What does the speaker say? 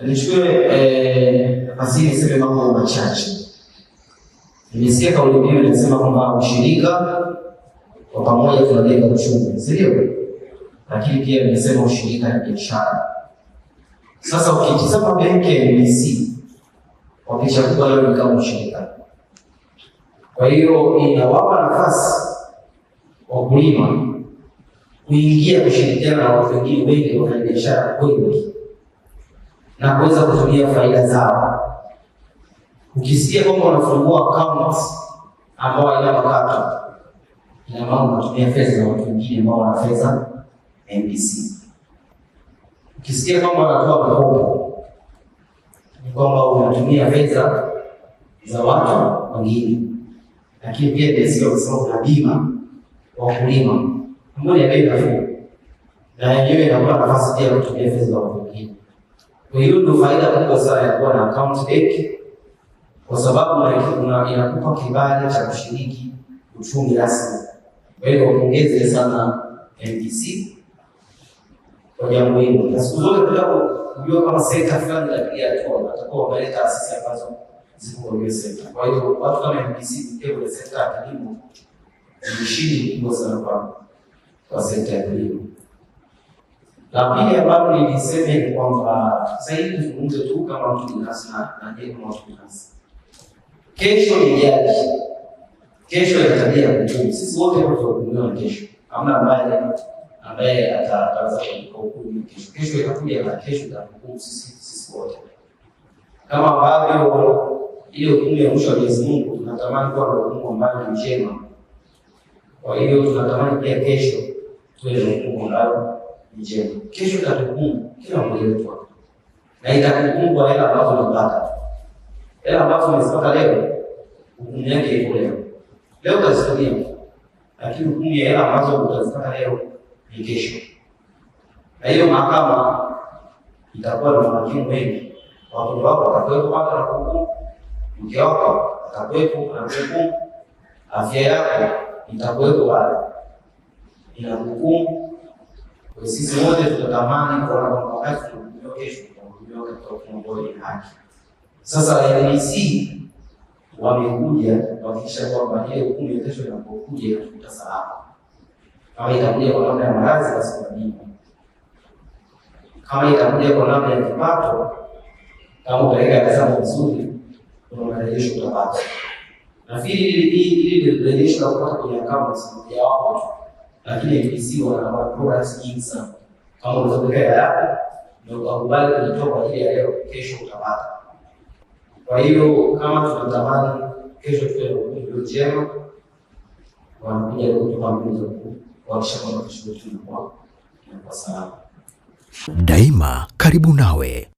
Nichukue eh, nafasi hii niseme mambo machache. Nimesikia kauli mbiu inasema kwamba ushirika kwa pamoja tunajenga uchumi, si ndio? Lakini pia nimesema ushirika ni biashara. Sasa ukitizama benki ya NBC kwa picha leo ni kama ushirika. Kwa hiyo inawapa nafasi wakulima kuingia kushirikiana na watu wengine wengi kwa wengi na kuweza kutumia faida zao. Ukisikia kwamba unafungua account ambayo haina makato, ina maana unatumia fedha za watu wengine ambao wana fedha NBC. Ukisikia kwamba unatoa mkopo, ni kwamba unatumia fedha za watu wengine. Lakini pia NBC wakisema kuna bima kwa wakulima ambayo ni bei nafuu, na yenyewe inakuwa nafasi pia ya kutumia fedha za watu wengine kwa hiyo ndio faida kubwa sana ya kuwa na account benki, kwa sababu inakupa kibali cha kushiriki uchumi rasmi. Kwa hiyo wapongeze sana MDC kwa jambo hilo, na siku zote kujua kama sekta fulani inapiga hatua, watakuwa wameleta taasisi ambazo ziko kwenye sekta. Kwa hiyo watu kama MDC kwenye sekta ya kilimo ni ushindi mkubwa sana kwa sekta ya kilimo. La pili ambalo nilisema ni kwamba sasa hivi tuzungumze tu kama mtu binafsi na je, kama mtu binafsi, kesho ni jaji, kesho ina tabia ya kuhukumu. Sisi wote tutahukumiwa kesho, hamna ambaye ambaye ataweza kuhukumu kesho. Kesho itakuja na kesho itahukumu sisi sisi wote, kama ambavyo ile hukumu ya mwisho wa Mwenyezi Mungu tunatamani kuwa na hukumu ambayo ni njema. Kwa hiyo tunatamani pia kesho tuwe na hukumu ambayo njema. Kesho itakukumbu kila mmoja wetu hapa. Na itakukumbu hela ambazo unapata. Hela ambazo umezipata leo, hukumu yake iko leo. Leo utazitumia. Lakini hukumu ya hela ambazo utazipata leo ni kesho. Na hiyo mahakama itakuwa na mahakimu wengi. Watoto wako watakuwepo hapa na hukumu. Mke wako atakuwepo na hukumu. Afya yako itakuwepo pale. Ina hukumu. Sisi wote tunatamani kuona kwamba wakati tunahudumiwa kesho tunahudumiwa katika mfumo wa haki. Sasa NEC wamekuja kuhakikisha kwamba ile hukumu ya kesho inapokuja inakuta salama, kama itakuja kwa namna ya maradhi basi kwa bima, kama itakuja kwa namna ya kipato, kama utaweka hesabu vizuri, kuna marejesho utapata. Nafikiri ili ili rejesho la kupata kwenye akaunti ya wapo tu lakini NBC wana wa nyingi sana. Kama unatokea hapa ndio ukakubali kulitoa kwa ajili ya leo, kesho utapata. Kwa hiyo kama tunatamani kesho tuwe na huduma njema, wanakuja kutupa mguzo kuhakikisha kwamba kesho yetu inakuwa salama. Daima karibu nawe.